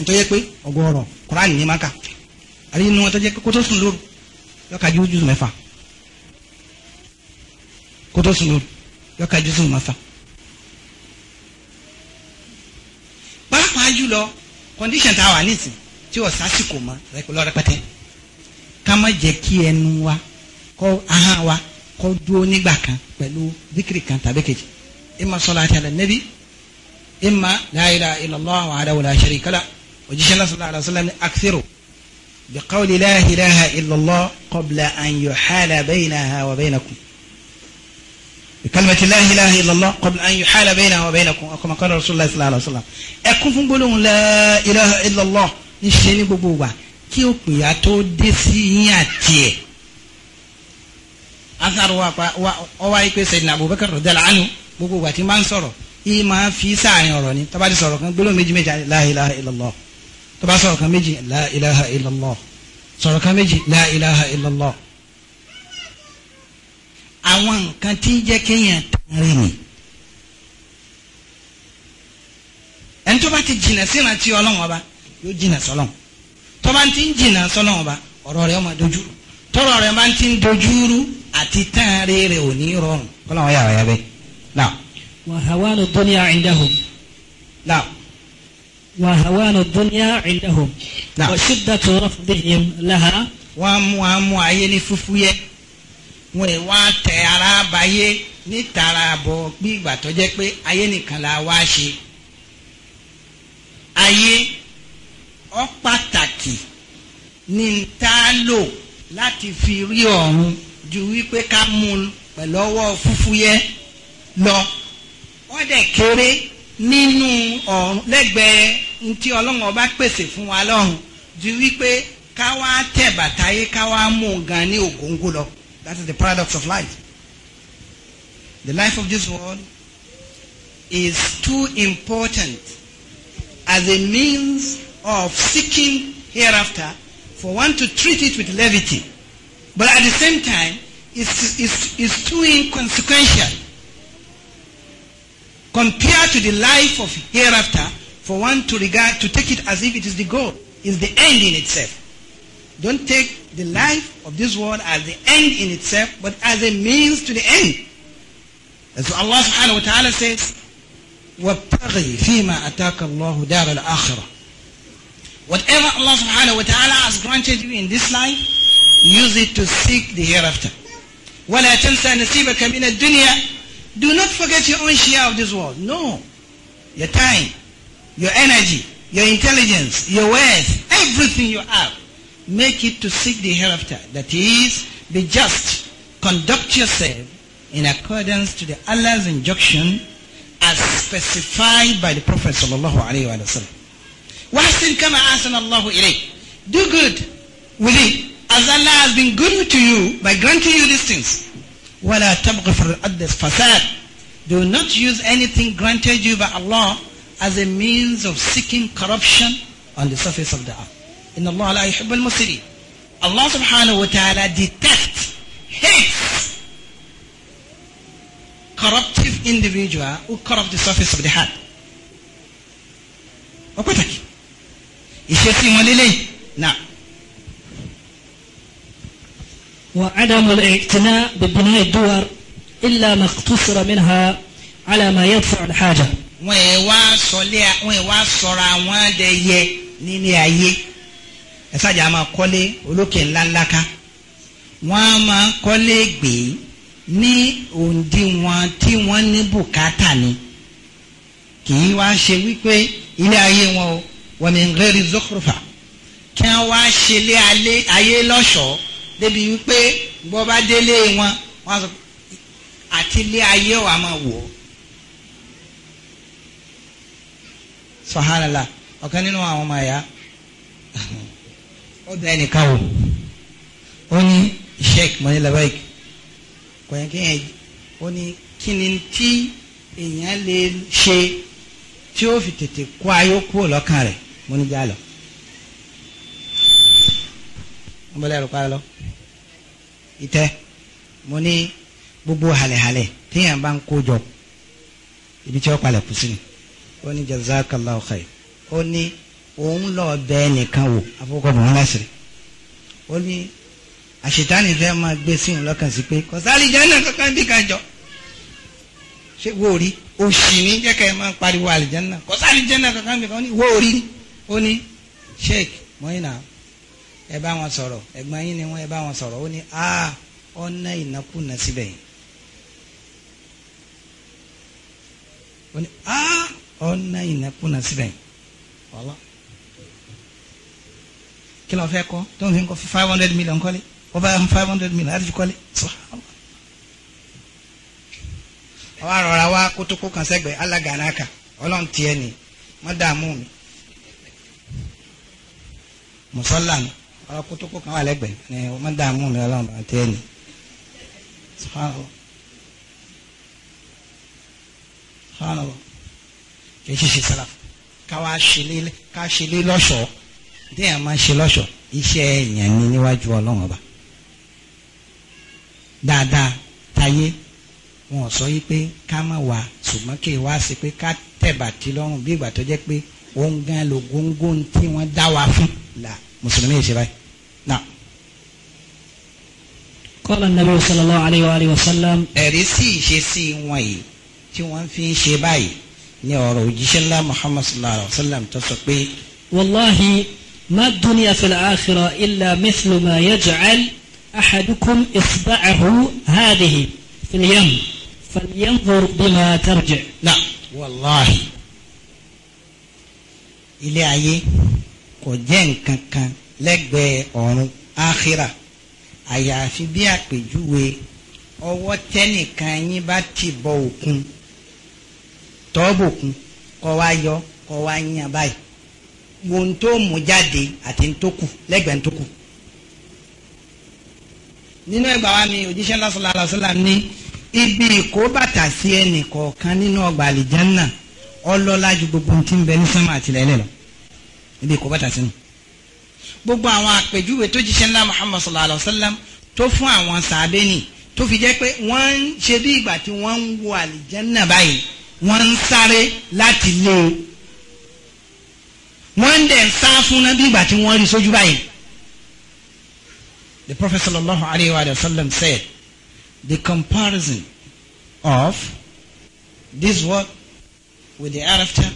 nítorí pé ọgọ́rọ̀ kúránì ní maka àti inú wọn tó jẹ́ pé kó tó sùn lóru yọka ju jùsùn mẹ́fà kó tó sùn lóru yọka jùsùn mẹ́fà. pàápàá jùlọ condition tá a wà nísìn tí o sásìkò mọ lọ rẹpẹtẹ ká má jẹ́ kí ẹnu wa kọ ahọ́n wa kọ dúró nígbà kan pẹ̀lú díkìrì kan tàbí kejì ima salati ala nabi ima la ilaha illallah wa ala wala sharika la òjíṣẹ́ náà sallallahu alaihi wasallam ní akthiru bi qawli la ilaha illallah qabla an yuhala baynaha wa baynakum bi kalimati la ilaha illallah qabla an yuhala baynaha wa baynakum aw kama qala rasulullah sallallahu alaihi wasallam ẹ kún fún gbólóhùn la ilaha ní ṣe ní gbogbo wa kí òpin yà tó dé sí yín àti ẹ̀ asaru wa pa wa ọwa yìí pé sẹyìn abubakar rọdẹlá anu gbogbo wa ti máa ń sọ̀rọ̀ yìí máa fi sáàyàn ni tabali sọ̀rọ̀ kan gbólóhùn méjì méjì la ilaha tó bá sọ̀rọ̀ kan méjì la ilaha illallah sọ̀rọ̀ kan méjì la ilaha illallah àwọn nǹkan tí ń jẹ́ kéèyàn tẹ̀lé ni ẹni tó bá ti jìnà sínú àti ọlọ́run ọba yóò jìnà sọlọ́run tó bá ti ń jìnà sọlọ́run ọba ọ̀rọ̀ rẹ̀ ọmọ dojú tọ́rọ̀ rẹ̀ máa ti ń dojú rú àti tẹ́ẹ̀rẹ́ rẹ̀ ò ní rọrùn kọ́láwọn yàrá yàrá bẹ́ẹ̀ wàhálà dúnìá ìdáhùn. وهوان الدنيا عندهم نعم. وشدة رفضهم لها wọ́n mú wọn mú ayé ní fúfúyẹ́ wọn ì wá tẹ ara báyé nítara àbọ̀ bí ìgbà tó jẹ́ pé ayé nìkan la wá ṣe ayé ó pàtàkì ní tá a lò láti fi rí ọ̀run ju wípé ká mú un pẹ̀lú ọwọ́ fúfúyẹ́ lọ wọ́n dẹ̀ kéré nínú ọ̀run lẹ́gbẹ̀ẹ́ ntí ọlọ́run ọba pèsè fún wa lọ́run ju wípé ká wá tẹ̀ bàtà yé ká wá mú nǹkan ní ògóńgó lọ that is the paradox of life the life of this world is too important as a means of seeking hereafter for one to treat it with levity but at the same time it's, is it's too inconsequential compared to the life of hereafter for one to regard, to take it as if it is the goal, is the end in itself. Don't take the life of this world as the end in itself, but as a means to the end. As Allah subhanahu wa ta'ala says, وَابْتَغِي مَا أَتَاكَ اللَّهُ دَارَ الْآخِرَةِ Whatever Allah subhanahu wa ta'ala has granted you in this life, use it to seek the hereafter. وَلَا تَنْسَى نَسِيبَكَ مِنَ الدُّنْيَا Do not forget your own share of this world. No. Your time, your energy, your intelligence, your wealth, everything you have, make it to seek the hereafter. That is, be just. Conduct yourself in accordance to the Allah's injunction as specified by the Prophet sallallahu alaihi wasallam. وَحْسِنْ كَمَا أَحْسَنَ اللَّهُ إِلَيْكَ Do good with it as Allah has been good to you by granting you these things. وَلَا تَبْغِ فِي الْأَرْضِ فَسَادٍ Do not use anything granted you by Allah as a means of seeking corruption on the surface of the earth. In Allah la yuhibbul musirin. Allah subhanahu wa ta'ala detests, hates corruptive individual who corrupt the surface of the heart. Ọ̀pẹ́tàkì. Ìṣesí wọn lélẹ̀ وعدم الاعتناء ببناء الدور إلا ما اقتصر منها على ما يدفع الحاجة wọn ẹ̀ wá sọlé wọn ẹ̀ wá sọra wọn dẹ yẹ nílé ayé ẹ sájà máa kọ́lé olókè ńláńlá ká wọ́n á máa kọ́lé gbé ní òǹdíwọ̀n tí wọ́n ní bùkátà ni kì í wá ṣe wípé ilé ayé wọn o wọ́n mi ń rẹ́rì zọ́kùrùfà kí wọ́n wá ṣe lé ayé lọ́ṣọ̀ọ́ débi wípé bọ́ bá délé wọn àti ilé ayé wa máa wọ̀ ọ́. sọ̀hánàlá ọ̀kan nínú àwọn ọmọ ẹ̀yà ó da ẹnìkan wò ó ní sheik mọ́ni labaik kò yẹn kéèyàn ó ní kí ni tí èèyàn lè ṣe tí ó fi tètè kó ayé kúrò lọ́kàn rẹ̀ mo ní já lọ. wọ́n bọ́lá ẹ̀rọ parọ́ ìtẹ́ mo ní gbogbo halẹ̀halẹ̀ téèyàn bá ń kó jọ ibi tí ó palẹ̀ kù sí ni ó ní jazakallahu khair ó ní òun lọ bẹ ẹnìkan wò àfọwọ́kọ́ bọ̀ wọ́n lásìrì ó ní àṣetánì fẹ́ máa gbé sí òun lọ́kàn sí pé kọ̀sálì jẹ́nà kankan bí kan jọ ṣé wò rí òṣì ní jẹ́kẹ́ máa ń pariwo àlìjẹ́nà kọ̀sálì jẹ́nà kankan bí kan wò rí ó ní sheik mọ́yìnà ẹ bá wọn sọ̀rọ̀ ẹ̀gbọ́n yín ni wọ́n ẹ bá wọn sọ̀rọ̀ ó ní a ọ̀nà ìnákùnà síbẹ̀ yìí ó ní a ọ̀nà ìnákúnà síbẹ̀ ọ̀lọ́ kí lọ́ọ́ fẹ́ kọ́ tó ń fi kọ́ five hundred million kọ́lé ọba five hundred million àti fi kọ́lé àwa rọra wa kótókó kan sẹ́gbẹ̀ẹ́ alágànáka ọlọ́run tiẹ̀ ni wọ́n dààmú mi mùsọ́là ni kótókó kan wà lẹ́gbẹ̀ẹ́ wọ́n dààmú mi ọlọ́run tiẹ̀ ni subhanallah subhanallah kì í ṣe sálà ká wá ṣe ká ṣe lé lọ́ṣọ̀ọ́ déèyàn máa ṣe lọ́ṣọ̀ọ́ iṣẹ́ èèyàn ni níwájú ọlọ́run ọba dáadáa táyé wọn ò sọ yí pé ká má wà ṣùgbọ́n kí wá sí pé ká tẹ̀bà lọ́rùn bí ìgbà tó jẹ́ pé òun gan lo góńgó tí wọ́n dá wa fún la mùsùlùmí yìí ṣe báyìí. kọ́lá nàbẹ́ sallallahu alayhi wa sallam. ẹ̀rí sí ìṣesí wọn yìí tí wọ́n fi ń ṣe báyìí ní ọ̀rọ̀ òjíṣẹ́ ńlá muhammad sallallahu alayhi wa sallam tó sọ pé. wàláhi ma dunya fil akhirah illa mithlu ma yaj'al ahadukum isba'ahu hadhihi fil yam falyanzur bima tarji. na wàláhi ilé ayé kò jẹ́ nǹkan kan lẹ́gbẹ̀ẹ́ ọ̀run áhírà àyàfi bí àpèjúwe ọwọ́ tẹ́nìkan yín bá ti bọ òkun tọ́ọ̀bù kún kọ́ wa yọ kọ́ wa yan báyìí wo ń tó mú jáde àti ń tó kù lẹ́gbẹ̀ẹ́ ń tó kù. nínú ẹgbà wa ni òjíṣẹ́ lásán lásán ní ibi ìkó bàtà sí ẹnì kọ̀ọ̀kan nínú ọgbà àlìjánná ọlọ́lá ju gbogbo tí ń bẹ ní sánmà àtìlẹ́lẹ̀ lọ ibi ìkó bàtà sínú. gbogbo àwọn àpèjúwe tó jíṣẹ́ ńlá Muhammad sallallahu alayhi wa sallam tó fún àwọn sàbẹ́ni tó fi jẹ́ pé wọ́n ń ṣe bí ìgbà tí wọ́n ń wo àlìjánná báyìí wọ́n ń sáré láti lé o wọ́n dẹ̀ ń sá fún náà bí ìgbà tí wọ́n rí sójú báyìí. The Prophet sallallahu alayhi wa sallam said the comparison of this world with the hereafter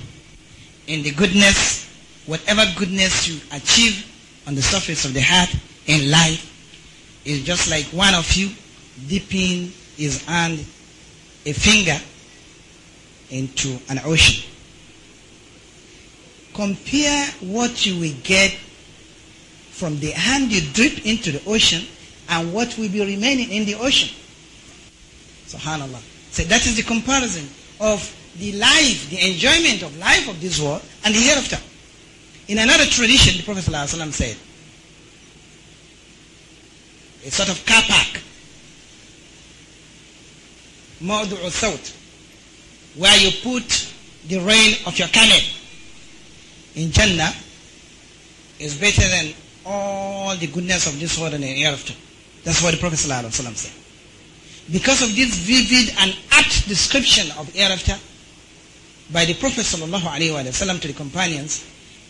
in the goodness whatever goodness you achieve on the surface of the heart in life is just like one of you dipping his hand a finger into an ocean. Compare what you will get from the hand you drip into the ocean and what will be remaining in the ocean. Subhanallah. So that is the comparison of the life, the enjoyment of life of this world and the hereafter. In another tradition, the Prophet ﷺ said, a sort of car park, موضع الصوت where you put the rain of your camel in Jannah is better than all the goodness of this world and the hereafter. That's what the Prophet ﷺ said. Because of this vivid and apt description of hereafter by the Prophet ﷺ to the companions,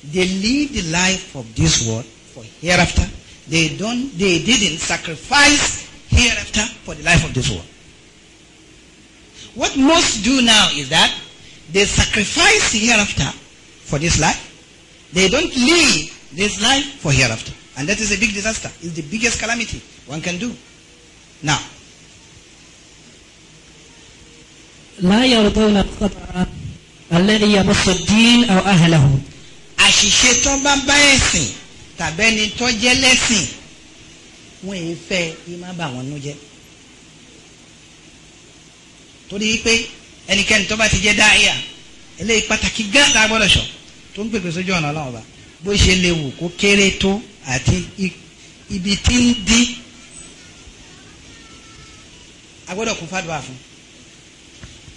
they lead the life of this world for hereafter. They don't they didn't sacrifice hereafter for the life of this world. What most do now is that they sacrifice hereafter for this life. They don't leave this life for hereafter. And that is a big disaster. It's the biggest calamity one can do. Now. لا يرضون القطع الذي يمس الدين أو أهله àṣìṣe tó bá bá ẹ̀sìn tàbẹ́ni tó jẹ́ lẹ́sìn wọ́n ń fẹ́ ìmá bà wọ́n nú jẹ́ torí pé ẹnikẹ́ni tó bá ti jẹ́ dáìyà eléyìí pàtàkì gán tá a gbọ́dọ̀ sọ tó ń pèpè sójú ọ̀nà ọlọ́run ọba bó ṣe lè wù kó kéré tó àti ibi tí ń dín a gbọ́dọ̀ kún fàdúrà fún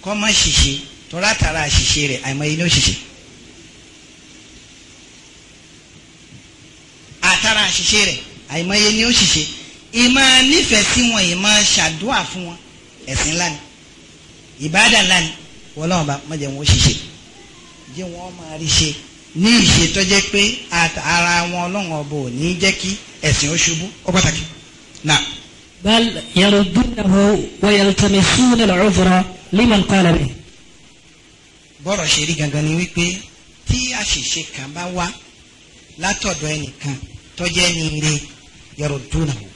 kọ́ mọ́ ṣìṣe tó látara àṣìṣe rẹ̀ àìmọye ní òṣìṣe. àtara àṣìṣe rẹ̀ àìmọye ní òṣìṣe ìmọ̀ nífẹ̀ẹ́ sí wọn ìmọ̀ ṣàdúà fún wọn ẹ̀sìn ńlá ìbáàdà ńlá ni wọ́n lọ́wọ́n bá má jẹ́ wọn ó ṣiṣẹ́ jẹ́ wọn máa rí ṣe ní ìṣe tó pé ara wọn ọlọ́wọ́n ọba ò ní jẹ́ kí ẹ̀sìn ó ṣubú ó pàtàkì nà. bal yarudunahu wa yaltamisuna al-udhra liman qala bi. bọ́rọ̀ ṣe rí gangan ni wípé tí àṣìṣe kan bá wá látọ̀dọ̀ ẹnìkan tó ní ire yarudunahu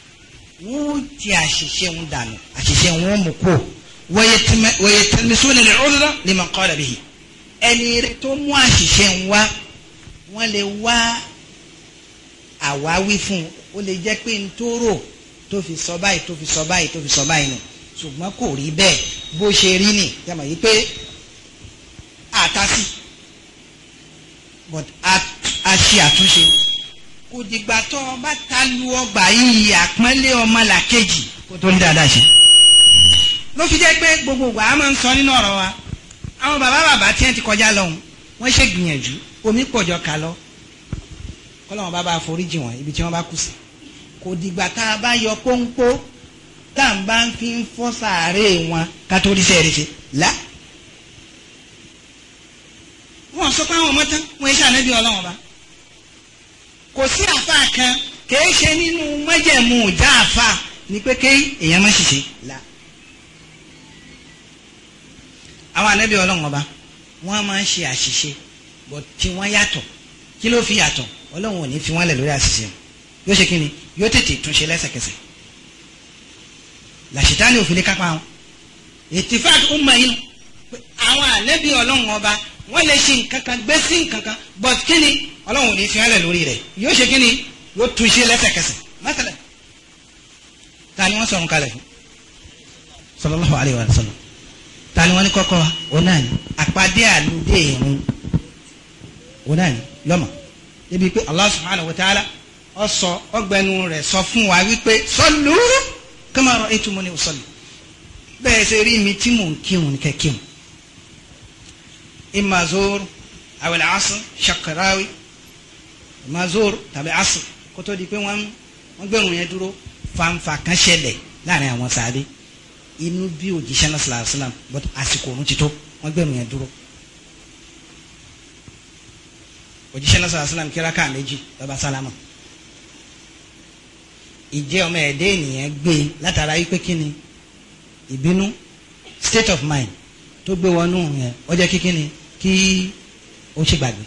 wọ́n ti àṣìṣe ń dànù àṣìṣe wọn mú kó wọ̀yẹ̀tẹ̀mísọ́nà lè ọ̀dọ́dọ́ lè máa kọ́ dàbí yìí ẹni rẹ tó mú àṣìṣe ń wá wọ́n lè wá àwáwí fún un ó lè jẹ́ pé n tó rò tó fi sọ báyìí tó fi sọ báyìí tó fi sọ báyìí nù ṣùgbọ́n kò rí bẹ́ẹ̀ bó ṣe rí nì yàmà yìí pé àtàsí but a ṣe àtúnṣe kò dìgbà ta lu ọgbà yìí àpọ́nlé ọmọlàkejì kó tó ń dáadáa ṣe ló fi jẹ́ pé gbogbo wa a máa ń sọ nínú ọ̀rọ̀ wa àwọn bàbá bàbá tí wọ́n ti kọjá lọ́hùn wọ́n ṣe gbìyànjú omi pọ̀jọ kà lọ kọ́lọ́wọ́n bá bá foríjì wọn ibi tí wọ́n bá kù sí kò dìgbà tá a bá yọ pọ́npọ́ tá à bá fi ń fọ́ sàárè wọn ká tó ríṣẹ́ rẹ̀ ṣe wọ́n sọ pé àwọn ọmọ tán wọ́n ṣe ànábì ọlọ́wọ́n bá kò sí àfa kan kì í ṣe nínú mọ́jẹ̀mú ìjà àfa ni pé kéèyàn má ṣiṣẹ́ là. àwọn ànábì ọlọ́run ọba wọ́n máa ń ṣe àṣìṣe bọ̀ tí wọ́n yàtọ̀ kí ló fi yàtọ̀ ọlọ́run ò ní fi wọ́n lẹ̀ lórí àṣìṣe yóò ṣe kí ni yóò tètè túnṣe lẹ́sẹ̀kẹsẹ̀ làṣìtáni òfin lè kápá wọn ìtìfáàk ọmọ yìí àwọn ànábì ọlọ́run ọba wọ́n lè ṣe nǹkan kan gbé sí nǹkan kan but kí ni ọlọ́run ò ní fi wọ́n lẹ̀ lórí rẹ̀ yóò ṣe kí ni yóò túnṣe lẹ́sẹ̀kẹsẹ̀ mẹ́tẹ̀lẹ̀ ta ni wọ́n sọ̀rọ̀ kalẹ̀ fún sallallahu ta ni wọ́n ní kọ́kọ́ wa òun náà ni àpàdé àlùdé ìrun òun náà ni lọ́mọ débi pé Allah subhanahu wa ta'ala ọ sọ ọgbẹnu rẹ̀ sọ fún wa wípé sallu kama ra'aytumuni usalli bẹ́ẹ̀ ṣe rí mi tí mò ń kírun kẹ́kírun imma zuhr awil asr shakarawi imma zuhr tàbí kótó di pé wọ́n gbẹ̀rù yẹn dúró fanfa kan ṣẹlẹ̀ láàrin àwọn sáré inú bí òjíṣẹ́ náà sàlàyé sàlàm but àsìkò òun ti tó wọ́n gbẹ̀rù yẹn dúró. òjíṣẹ́ náà sàlàyé sàlàm kíra káà méjì bàbá sàlámà. ìjẹ́ ọmọ ẹ̀dẹ́ ènìyàn gbé e látara wípé kí ni ìbínú state of mind tó gbé wọnú yẹn ó jẹ́ kí kí ni kí ó ṣe gbàgbé.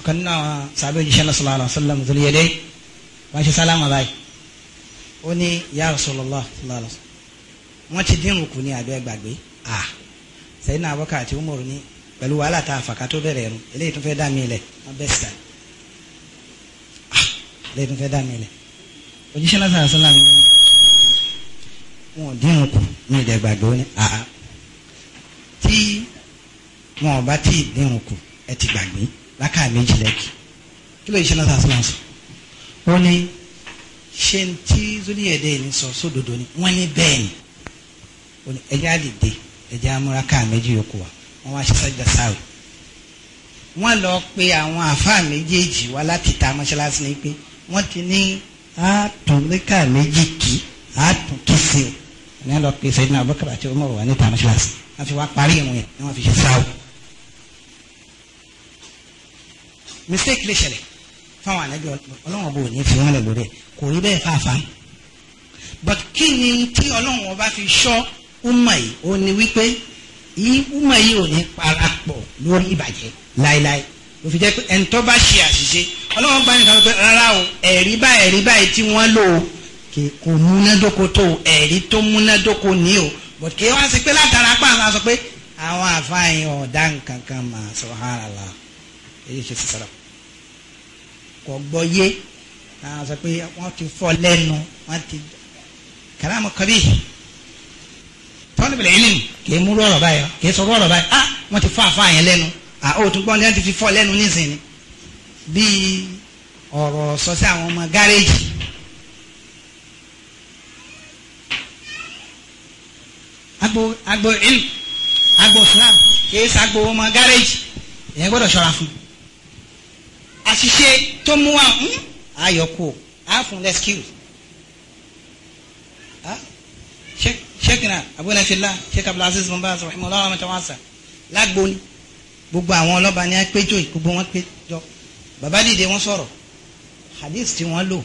ọ̀kan nínú àwọn sàbẹ̀ òjíṣẹ́ náà sàlàyé sàlàm tó wọ́n ṣe sàlámà báyìí ó ní ya Rasulullah lọ́lọ́ wọ́n ti dín rùkù ní àbẹ́ gbàgbé à Sayyidina Abubakar àti Umar ní pẹ̀lú wàhálà tá a fàkà tó bẹ̀rẹ̀ ẹ̀rù eléyìí tó fẹ́ dá mi lẹ̀ wọ́n bẹ̀ sàn eléyìí tó fẹ́ dá mi lẹ̀ òjíṣẹ́ lásán àṣọ làwọn wọn ò dín rùkù ní ìdẹ̀gbàgbé ó ní àá tí wọn bá tí ì dín ẹ ti gbàgbé lákàá méjì kí ló yẹ ṣe lásán àṣọ làwọn sọ ó ní ṣe ń tí zolíyẹ̀dẹ́ ní sọ sódodo ni wọ́n ní bẹ́ẹ̀ ni ẹ̀jẹ̀ á lè dé ẹ̀jẹ̀ á múra káà méjì yòókù wa wọ́n wá ṣe sájà sáré wọ́n lọ pe àwọn àáfàá méjèèjì wá láti ta mọ́ṣáláṣí ni pé wọ́n ti ní àtúndínkà méjì kì àtúntò sí o ní lọ pe sẹ́yìn náà bọ́kàrà tí ó mọ̀ mọ́ṣáláṣí wọ́n fi wá parí ìwọ̀n yẹn ni wọ́n fi ṣe sáré mistake lè ṣẹlẹ̀ fáwọn ànábì ọlọ́run ọba ní fi wọ́n lẹ̀ lórí ẹ̀ kò rí bẹ́ẹ̀ fàáfà but kí ni tí ọlọ́run ọba fi ṣọ́ ọmọ yìí ó ní wípé ọmọ yìí ò ní parapọ̀ lórí ìbàjẹ́ láéláé ó fi jẹ́ pé ẹni tó bá ṣe àṣìṣe ọlọ́run gba nìkan pé rárá o ẹ̀rí bá ẹ̀rí báyìí tí wọ́n lò ó kò múnádóko tó o ẹ̀rí tó múnádóko ní o but kí wọ́n ṣe pé látara pàṣẹ sọ pé àwọn àfáàyàn ọ̀dà nǹkan kan mà sọ̀hánà la èyí kò gbọ́ yé àwọn sọ pé wọ́n ti fọ́ lẹ́nu wọ́n ti kàlámù kọ́bí tọ́lùbìlẹ̀ yìí kì í mú rọ̀rọ̀ báyọ̀ kì í sọ rọ̀rọ̀ báyọ̀ ah wọ́n ti fọ́ àfa yẹn lẹ́nu ah ó tún gbọ́ lẹ́nu ti fi fọ́ lẹ́nu nísìnyí bíi ọ̀rọ̀ sọ sí àwọn ọmọ gáréèjì agbo agbo ilm agbo islam kì í sagbo ọmọ gáréèjì ìyẹn gbọ́dọ̀ ṣọ́ra fún un àṣìṣe tó mú wa àyọkù hmm? àfún lẹ́skíù ṣẹ́kìnà abúlẹ́fẹ́lá ṣẹ́kà abdulaziz mubaz rahimahullah wa mẹ́tàwáṣà lágbóni gbogbo àwọn ọlọ́ba ni a péjọ gbogbo wọn péjọ bàbá dìde wọn sọ̀rọ̀ hadith tí wọ́n lò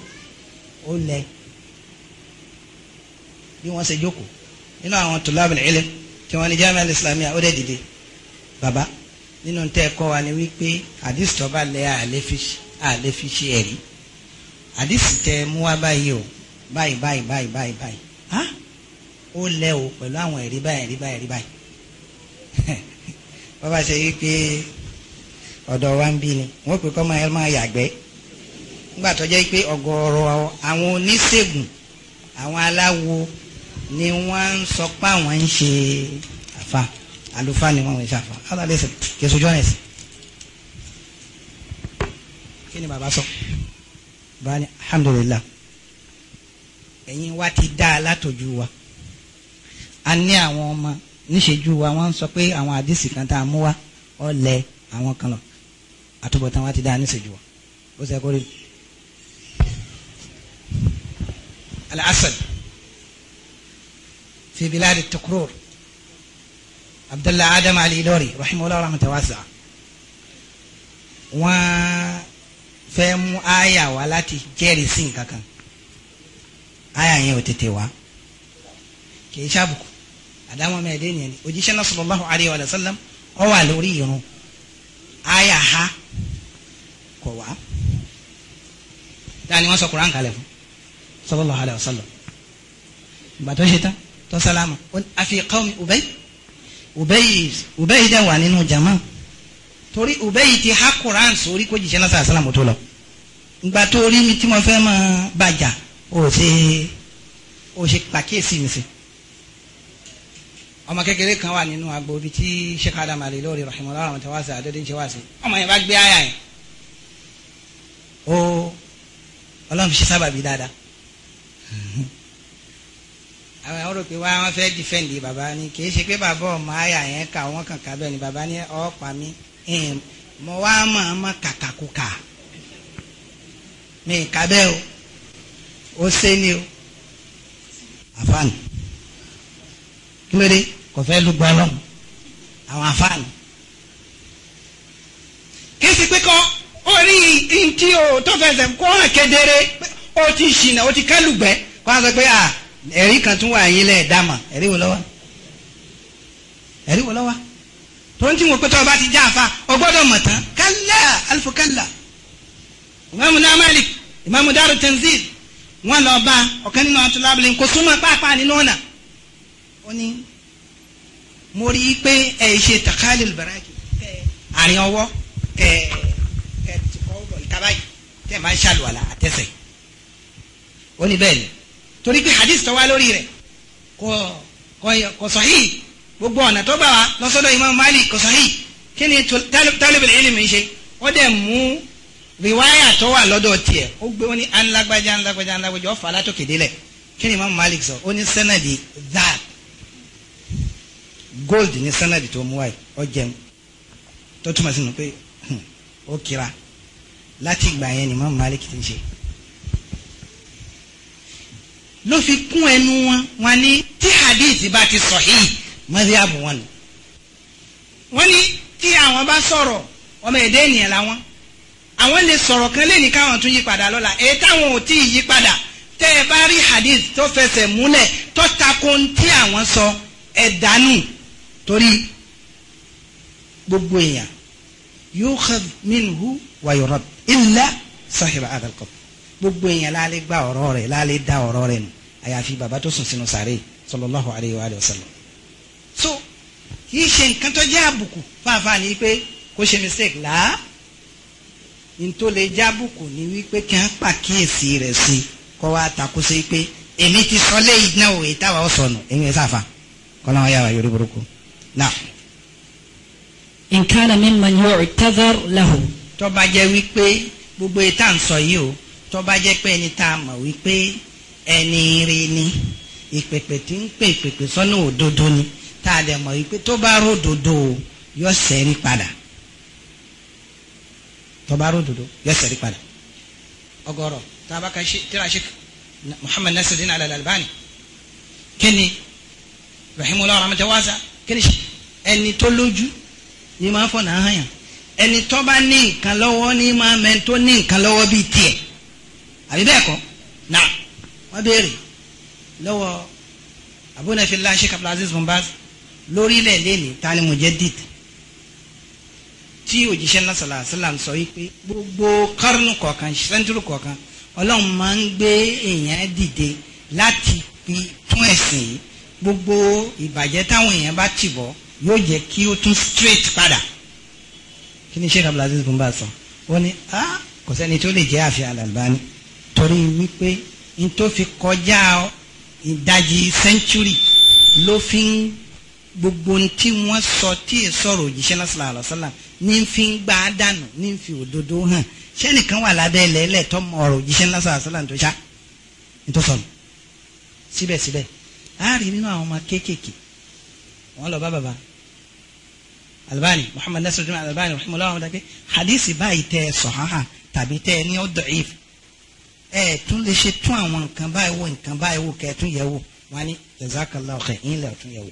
ó lẹ̀ bí wọ́n ṣe jókòó nínú àwọn tòlábìlì ilẹ̀ tí wọ́n ní jamiu al-islamiyya ó dẹ̀ dìde Baba nínú tẹ́ kọ́ wa ni wípé àdìsí tó bá lẹ́ àlẹ́ fi ṣe ẹ̀rí àdìsí tẹ mú wá báyìí o báyìí báyìí báyìí báyìí báyìí á ó lẹ́ o pẹ̀lú àwọn ẹ̀rí báyìí ẹ̀rí báyìí ẹ̀rí báyìí bàbá ṣe wípé ọ̀dọ̀ wa ń bí ni wọ́n pè kọ́ máa máa yàgbẹ́ nígbà tó jẹ́ pé ọ̀gọ̀ọ̀rọ̀ àwọn oníṣègùn àwọn aláwo ni wọ́n ń sọ pé àwọn ń ṣe àfa àlùfáà ni wọ́n ń ṣàfà alálẹ́sẹ̀ kẹsù jọ́nẹ̀sì kí ni bàbá sọ bàbá ni alhamdulilah ẹ̀yin wa ti dá a látọ̀jú wa a ní àwọn ọmọ níṣẹ́jú wa wọ́n ń sọ pé àwọn àdìsí kan tá a mú wa ọ̀lẹ́ àwọn kan lọ àtúbọ̀tán wa ti dá a níṣẹ́jú wa ó sẹ́ kórè al-asad fi biladi abdullahi adam ali idori rahimahullah rahmatan wasa wọ́n fẹ́ mú aya wá láti jẹ́rìí sí nǹkan kan aya yẹn ò tètè wá kì í ṣàbùkù àdámọ́ mẹ́ẹ̀ẹ́dẹ́ nìyẹn òjíṣẹ́ náà sallallahu alayhi wa sallam ó wà lórí irun aya ha kò wá dáa ni wọ́n sọ kuran kalẹ̀ fún sallallahu alayhi wa sallam ìgbà ṣe tán tó sálámà àfi qawmi Ubay. Ubayi Ubayi dẹ̀ wà nínú jama torí Ubayi ti ha Quran sórí kó jìṣẹ́ náà sàásàlà mọ́tò lọ ìgbà tó rí mi tí mo fẹ́ máa bàjá ò ṣe ò ṣe pàkíyèsí mi sí ọmọ kékeré kan wà nínú agbo ibi tí Sheikh Adam Ali lórí rahimahullah àwọn tẹwàá sí adédè ṣe wá sí ọmọ yẹn bá gbé àyà yẹn ó ọlọ́run fi ṣe sábàbí dáadáa ó rò pé wá wọn fẹ́ dìfẹ́ǹdì bàbá ni kì í ṣe pé bàbá ọmọ àyà yẹn kà wọ́n kàn bẹ́ẹ̀ ni bàbá ní ọ̀pá mi mo wá máa ma kàkàkùkà mi kà bẹ́ẹ̀ o ó ṣe ni o àfààní kí ló dé kò fẹ́ lu gbọ́ lọ́hùn àwọn àfààní kì í ṣe pé kọ́ orí ntí o tó fẹsẹ̀ kó hàn kedere ó ti ṣìnà ó ti kálùgbẹ́ kó hàn sọ pé à ẹ̀rí kan tún wà yín lẹ̀ dàmà ẹ̀rí wò lọ́wọ́ ẹ̀rí wò lọ́wọ́ tó ń tí wọn pẹ́tọ́ ọba ti já àfa ọgbọ́dọ̀ mọ̀ tán kálá alifu kálá ìmáàmù náà Malik ìmáàmù Daaru Tanzil wọn lọ bá ọ̀kan nínú atúlábìlì kò súnmọ́ pàápàá nínú ọ̀nà ó ní mo rí i pé ẹ ṣe takali baraki àárín ọwọ́ kẹ kẹ tìkọ́ ọ̀rọ̀ ìkàbáyì tẹ̀ máa ń ṣàlùwàlà àtẹ̀sẹ̀ ó ní bẹ́ẹ̀ ni torí pé hadith tó wá lórí rẹ̀ kò kò sahih gbogbo ọ̀nà tó gbà wá lọ́sọ́dọ̀ imam malik kò sahih kí ni talib al-ilmi ń ṣe ó dẹ̀ mú riwaya tó wà lọ́dọ̀ tiẹ̀ ó gbé ó ní anlágbájá anlágbájá anlágbájá ó fà látòkè délẹ̀ kí ni imam malik sọ ó ní sẹ́nàdì that gold ní sẹ́nàdì tó mú wáyé ó jẹun tó túmọ̀ sínú pé hmm, ó kira láti ìgbà yẹn ni imam malik ti ń ṣe ló fi kún ẹnu wọn wọn ní tí hadith bá ti sahih madhhab wọn ni wọn ní tí àwọn bá sọ̀rọ̀ ọmọ èdè ènìyàn làwọn àwọn lè sọ̀rọ̀ kan lẹ́ni káwọn tún yí padà lọ́la èyí táwọn ò tí ì yí padà tẹ́ ẹ bá rí hadith tó fẹsẹ̀ múlẹ̀ tó tako tí àwọn sọ ẹ̀ dànù torí gbogbo èèyàn yukhadh minhu wa yurad sahiba hadha gbogbo èèyàn la lè gba ọ̀rọ̀ rẹ̀ la lè da ọ̀rọ̀ rẹ̀ nù àyàfi bàbá tó sùn sínú sàré sallallahu alayhi wa sallam. so kì í ṣe nǹkan tó jẹ́ àbùkù fáfáà ni pé kó ṣe mistake làá ntó lè jábùkù ni wípé kí n pàkíyèsí rẹ̀ sí kọ́ wa takò sí pé èmi ti sọ léyìí náà òye táwa ó sọnù èmi ẹ sáfà kọ́lá wọn yára yorùbá burúkú náà. in kana mimman yu'tazar lahu. tó bá jẹ́ wípé gbogbo ìta ń sọ yìí o tó bá jẹ́ pé ẹni tá a mọ̀ wípé ẹni rí ni ìpèpè tí ń pè ìpèpè sọ́nà òdodo ni tá a dẹ̀ mọ̀ wípé tó bá ródodo yọ sẹ́rí padà tó bá ródodo yọ sẹ́rí padà ọgọrọ tá a bá ka tíra ṣe Muhammad Nasiruddin Al-Albani kíni rahimahullah rahmatẹ wasa kíni ẹni tó lójú ni máa fọ náà hàn yàn ẹni tó bá ní nǹkan lọ́wọ́ ní máa mẹ́ni tó ní nǹkan lọ́wọ́ bíi tiẹ̀ àbí bẹ́ẹ̀ kọ́ na wọ́n béèrè lọ́wọ́ abúnafilá sheikh abdulaziz bombaz lórílẹ̀ lẹ́ni tani mujaddid tí òjíṣẹ́ náà sọ̀rọ̀ àṣìlá sọ wípé gbogbo kọ́rùnù kọ̀ọ̀kan sẹ́ńtúrù kọ̀ọ̀kan ọlọ́run máa ń gbé èèyàn dìde láti tún ẹ̀sìn yìí gbogbo ìbàjẹ́ táwọn èèyàn bá tì bọ̀ yóò jẹ́ kí ó tún straight padà kí ni sheikh abdulaziz bombaz sọ ó ní ah kò sẹ́ni tó lè jẹ́ àfi al torí wípé n tó fi kọjá ìdajì sẹ́ńtúrì ló fi ń gbogbo tí wọ́n sọ tí è sọ̀rọ̀ òjíṣẹ́ náà sallallahu alaihi wasallam ní fi ń gbà á dànù ní fi òdodo hàn sẹ́nìkan wà lábẹ́ ilẹ̀ ilẹ̀ tó mọ ọ̀rọ̀ òjíṣẹ́ náà sallallahu tó ṣá ní tó sọnù síbẹ̀síbẹ̀ a rí nínú àwọn ọmọ kéékèèké wọ́n lọ bá bàbá Albani Muhammad Nasiruddin Albani rahimahullah wọn dàgbé hadisi báyìí tẹ sọ̀hánhà tàbí tẹ ní ọ̀dọ̀ ìfẹ́ ẹ tún lè ṣe tún àwọn nǹkan báyìí wò nǹkan báyìí wò kẹtún yẹ̀ wò wọn ni jazakallahu khair yín lè tún yẹ̀ wò.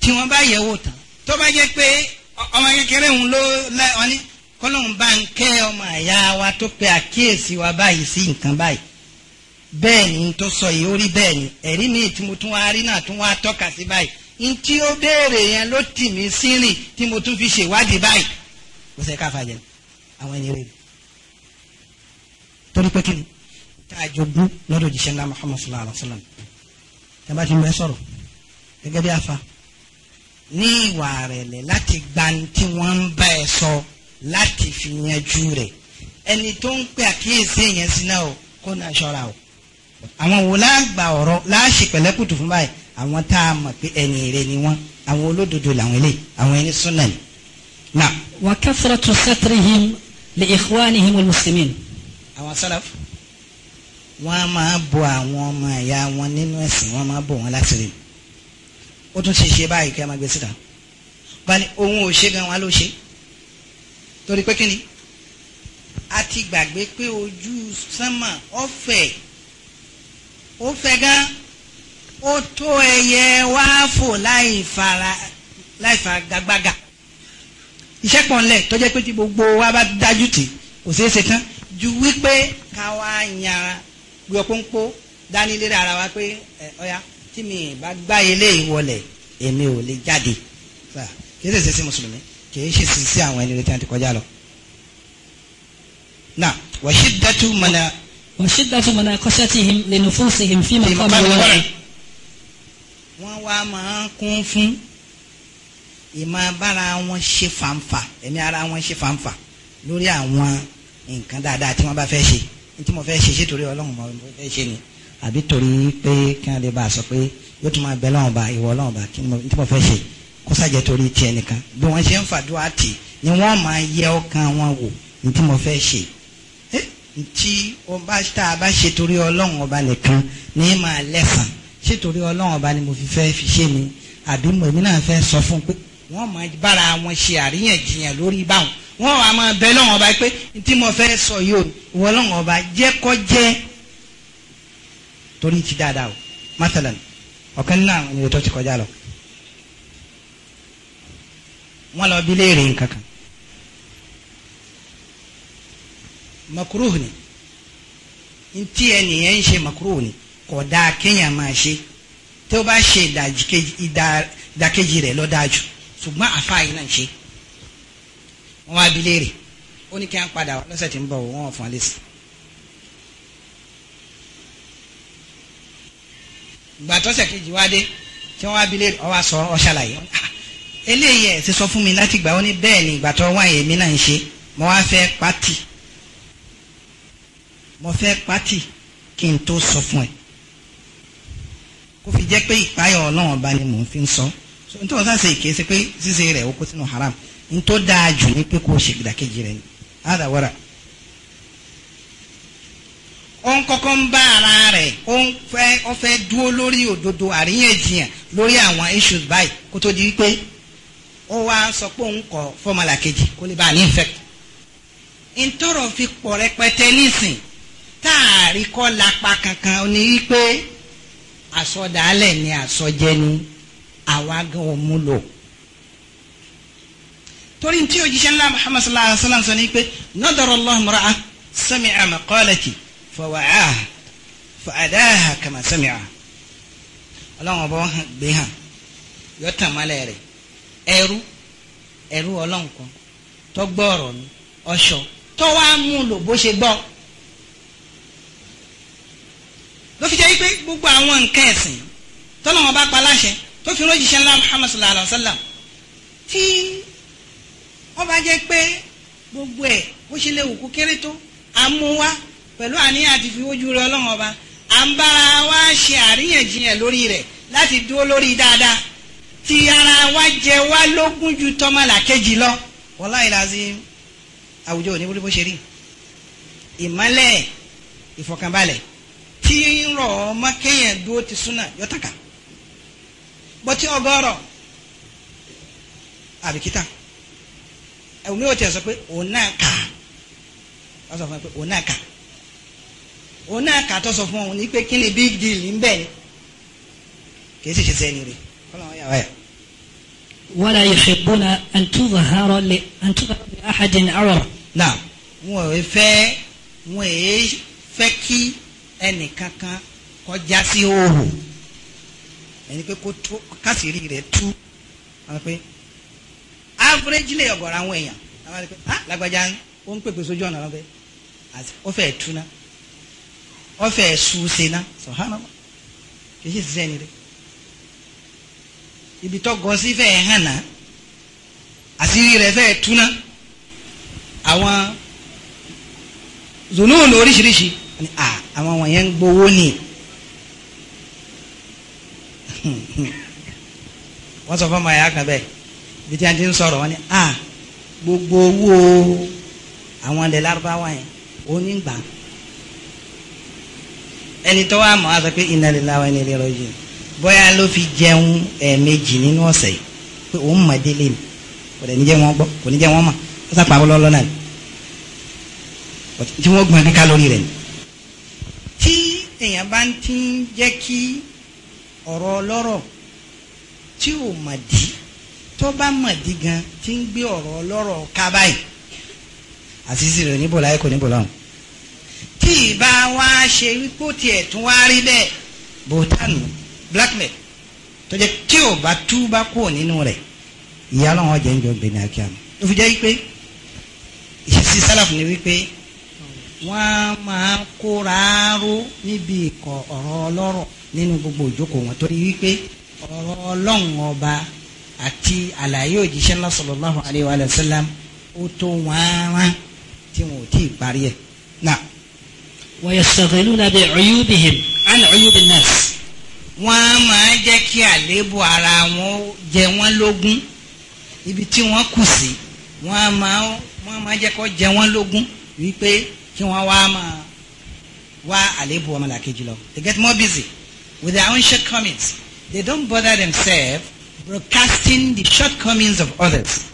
tí wọ́n bá yẹ̀ wò tán tó bá jẹ́ pé ọmọ kékeré òun ló lẹ ọ ní kọ́lọ́hún bá ń kẹ́ ọmọ àyà wa tó pe àkíyèsí wa báyìí sí nǹkan báyìí bẹ́ẹ̀ ni tó sọ yìí ó rí bẹ́ẹ̀ ni ẹ̀rí mi tí mo tún wá rí náà tún wá tọ́ka sí báyìí n tí ó béèrè yẹn ló tì mí sírìn tí mo tún fi ṣèwádìí báyìí kò sẹ́ ká fàjẹ́ àwọn ẹni rẹ̀ torí pé kí ni tá a jogún lọ́dọ̀ jíṣẹ́ ńlá muhammad sallallahu alayhi wa sallam tẹ́lá ti mẹ́ sọ̀rọ̀ gẹ́gẹ́ bí afa ní ìwà rẹ̀ lẹ̀ láti gba tí wọ́n ń bá ẹ sọ láti fi yanjú rẹ̀ ẹni tó ń pè àkíyèsí yẹn sí náà o kó náà ṣọ́ra o àwọn wo láàgbà ọ̀rọ̀ láàṣì pẹ̀lẹ́kùtù fún báyìí àwọn tá a mọ̀ pé ẹni rẹ̀ ni wọ́n àwọn olódodo làwọn eléyìí àwọn ẹni súnà ni. wà á kẹ́sìrọ̀ tó sẹ́tìrì him lè ìkúwá ni him olùsìmíìn àwọn sálàf wọ́n á máa bọ àwọn ọmọ ẹ̀yà wọn nínú ẹ̀sìn wọ́n máa bọ wọn láti rè ó tún ṣe ṣe báyìí kí a máa gbé síta bá ní òun ò ṣe gan wa ló ṣe torí pé kí a ti gbàgbé pé ojú sánmà ọ̀fẹ́ ó fẹ́ gan ó tó ẹyẹ wá láì fara láì fagagbága iṣẹ́ pọ̀ ńlẹ̀ tó jẹ́ pé tí gbogbo wa bá dájú tì kò ṣeé ṣe tán ju wípé ká wá yan gbọ̀pọ̀npọ̀ dání léra ara wa pé ẹ ọ̀ya tí mi bá gbá eléyìí wọlé èmi ò lè jáde kìí ṣe sí mùsùlùmí kìí ṣe sí sí àwọn ẹni retí àti kọjá lọ. na washiddatu mana. washiddatu mana kọ́sẹ́tìhìm lè nufusihim fi màkọ́ mi wọ́n. wọ́n wá máa kún fún ìmọ̀ bára wọn ṣe fàǹfà ẹ̀mí ara wọn ṣe fàǹfà lórí àwọn nǹkan dáadáa tí wọ́n bá fẹ́ ṣe tí mo fẹ́ ṣe ṣe torí ọlọ́run mo fẹ́ ṣe ni àbí torí pé kí wọ́n lè bá a sọ pé yóò tún máa bẹ lọ́wọ́n ba ìwọ lọ́wọ́n ba tí mo fẹ́ ṣe kó sàjẹ́ torí tiẹ̀ nìkan bí wọ́n ṣe ń fàdúrà tì ni wọ́n máa yẹ ọkàn wọn wò tí mo fẹ́ ṣe tí tá a bá ṣe torí ọlọ́run ọba nìkan ní máa lẹ́sàn ṣe torí ọlọ́run ọba ni mo fi fẹ́ fi ṣe ni àbí mo èmi náà fẹ́ sọ fún pé wọ́n máa bára wọn ṣe àríyànjiyàn lórí báwọn wọ́n wàá máa bẹ lọ́wọ́n ọba pé tí mo fẹ́ sọ yìí o ìwọ lọ́wọ́n ọba jẹ́ kọ́ jẹ́ torí ti dáadáa o masalan ọ̀kan nínú àwọn ènìyàn tó ti kọjá lọ wọ́n lọ bí léèrè nǹkan kan makuruhu ni ntí ẹnìyẹn ń ṣe makuruhu ni kò dáa kéèyàn máa ṣe tí ó bá ṣe ìdàkejì rẹ̀ lọ́dájú ṣùgbọ́n àfa yìí náà ń ṣe wọ́n wá bi léèrè ó ní kí wọ́n padà wá lọ́sẹ̀ tí ń bọ̀ wọ́n fún alẹ́ sí. ìgbà tọ́sẹ̀ kejì wá dé tí wọ́n wá bi léèrè ọwọ́ sọ ọ ṣàlàyé ah, eléyìí ẹ̀ ti sọ fún mi láti gbà ó ní bẹ́ẹ̀ ni ìgbà tó wáyé èmi náà ń ṣe mo wá fẹ́ pátì mo fẹ́ pátì kí n tó sọ fún ẹ kó fi jẹ́ pé ìpáyọ̀ ọlọ́run ọba ni mò ń fi sọ nítorí ṣe ìkéṣe pé ṣíṣe rẹ̀ ó kó sínú haram ntó dáa jù ní pé kó ṣe ìdàkejì rẹ̀ ni àdàwọ́ra ó ń kọ́kọ́ ń bá ara rẹ̀ ó ń fẹ́ ó fẹ́ dúró lórí òdodo àríyànjiyàn lórí àwọn issues báyìí kó tó di wípé ó wá sọ pé òun kọ fọ́mọlà kejì kó lè bá a ní infect. ntọ́rọ̀ fi pọ̀ rẹpẹtẹ nísìn táàrí kọ́ lápá kankan ni wípé àsọdàálẹ̀ ni àsọjẹ ni àwa gan ò lò torí tí òjíṣẹ́ ńlá muhammad sallallahu alayhi wa sallam sọ ni pé nadara allah mura'a sami'a maqalati fawa'aha fa'adaha kama sami'a ọlọ́run ọba gbé hàn yọ tàmálẹ̀ rẹ̀ ẹrú ẹrú ọlọ́run kan tó gbọ́ ọ̀rọ̀ mi ọ̀ṣọ́ tó wá mú lò bó ṣe gbọ́ ló fi jẹ́ wípé gbogbo àwọn nǹkan ẹ̀sìn tọ́lọ́wọ́n bá pa láṣẹ tó fi rọ́jìṣẹ́ ńlá muhammad sallallahu alayhi wa sallam tí wọ́n bá jẹ́ pé gbogbo ẹ̀ ó ṣe lè wù kó kéré tó à ń mú wá pẹ̀lú àníyàn àti fi ojú rẹ ọlọ́run ọba à ń bára wa ṣe àríyànjiyàn lórí rẹ̀ láti dúró lórí dáadáa ti ara wa jẹ wá lógún ju tọ́mọ̀là kejì lọ wọ́lá ìlàzí àwùjọ òní bó ṣe rí ìmọ́lẹ̀ ìfọ̀kànbalẹ̀ tí ń rọ̀ ọmọ kéèyàn dúró ti súnà yọtàkà bọ́tí ọgọ́rọ̀ àbíkítà ẹ̀wọ̀n mi ò tiẹ̀ sọ pé òun náà kà á sọ fún mi pé òun náà kà òun náà kà á tọ́ sọ fún òun ní pé kí ni big deal ń bẹ̀ ni kì í sì ṣe sẹ́ni rè kọ́lọ́wọ́ yà wáyà. wala yuhibbuna an tuzhara li an tuzhara li ahadin arọ̀. náà wọn ò fẹ́ wọn èé fẹ́ kí ẹnìkankan kọjá sí òòrùn ẹni pé kó tó kásìrí rẹ̀ tú àwọn pé average lè ọ̀gọ̀rọ̀ àwọn èèyàn àwọn àti ah lágbájá ó ń pèpè sójú ọ̀nà lọ́bẹ̀ ó fẹ́ túná ó fẹ́ ṣùṣe ná sọ̀hánà kì í ṣe ṣiṣẹ́ ni rẹ̀ ibi tó gọ sí fẹ́ hàn náà àṣírí rẹ̀ fẹ́ túná àwọn zonóòlù oríṣiríṣi àwọn wọ̀nyẹn ń gbowó ni wọ́n sọ fún ọmọ ẹ̀yà kan bẹ́ẹ̀ bí tí a ti ń sọ̀rọ̀ wọn ni a gbogbo owó àwọn ilẹ̀ lárúbáwá yẹn ó ní gbà ẹni tó wà mọ́ a sọ pé inna lillahi wa inna ilaihi raji'un bóyá ló fi jẹun ẹ̀ẹ̀mejì nínú ọ̀sẹ̀ pé òun mọ̀ délé ni kò ní jẹ́ wọn gbọ́ kò ní jẹ́ wọn mọ̀ ó sàpà lọ́lọ́ náà tí wọ́n gbọ́n ní kálórì rẹ̀ ni. tí èèyàn bá ń ti jẹ́ kí ọ̀rọ̀ ọlọ́rọ̀ tí ò mà dí tó bá mọ̀dí gan tí ń gbé ọ̀rọ̀ ọlọ́rọ̀ ká báyìí àṣìṣe rẹ̀ níbò láyé kò níbò lọ́hùn. tí ìbá wa ṣe wípé tiẹ̀ tún wá rí bẹ́ẹ̀ bòtánù blackmail tó jẹ́ tí ò bá tú bá kúrò nínú rẹ̀ ìyá ọlọ́run ọjà ń jọ gbẹ̀mí akíyàmù. ó fi jẹ́ wípé ìṣesí sálàfù ni wípé wọ́n máa kóra ró níbi ìkọ̀ ọ̀rọ̀ ọlọ́rọ̀ nínú gbogbo ìjókòó wọn torí wípé ọ̀rọ̀ ọlọ́run ọba àti àlàyé òjíṣẹ́ ńlá sallallahu alayhi wa sallam ó tó wáwá tí wọn ò tí ì parí ẹ̀ náà. wa yastaghiluna bi uyubihim an uyubi an-nas. wọ́n á máa jẹ́ kí àléébù ara wọn jẹ wọ́n lógún ibi tí wọ́n kù sí wọ́n á máa jẹ́ kó jẹ wọ́n lógún wípé kí wọ́n wá máa wá àléébù ọmọlàkejì lọ. they get more busy with their own shortcomings they don't bother themselves broadcasting the shortcomings of others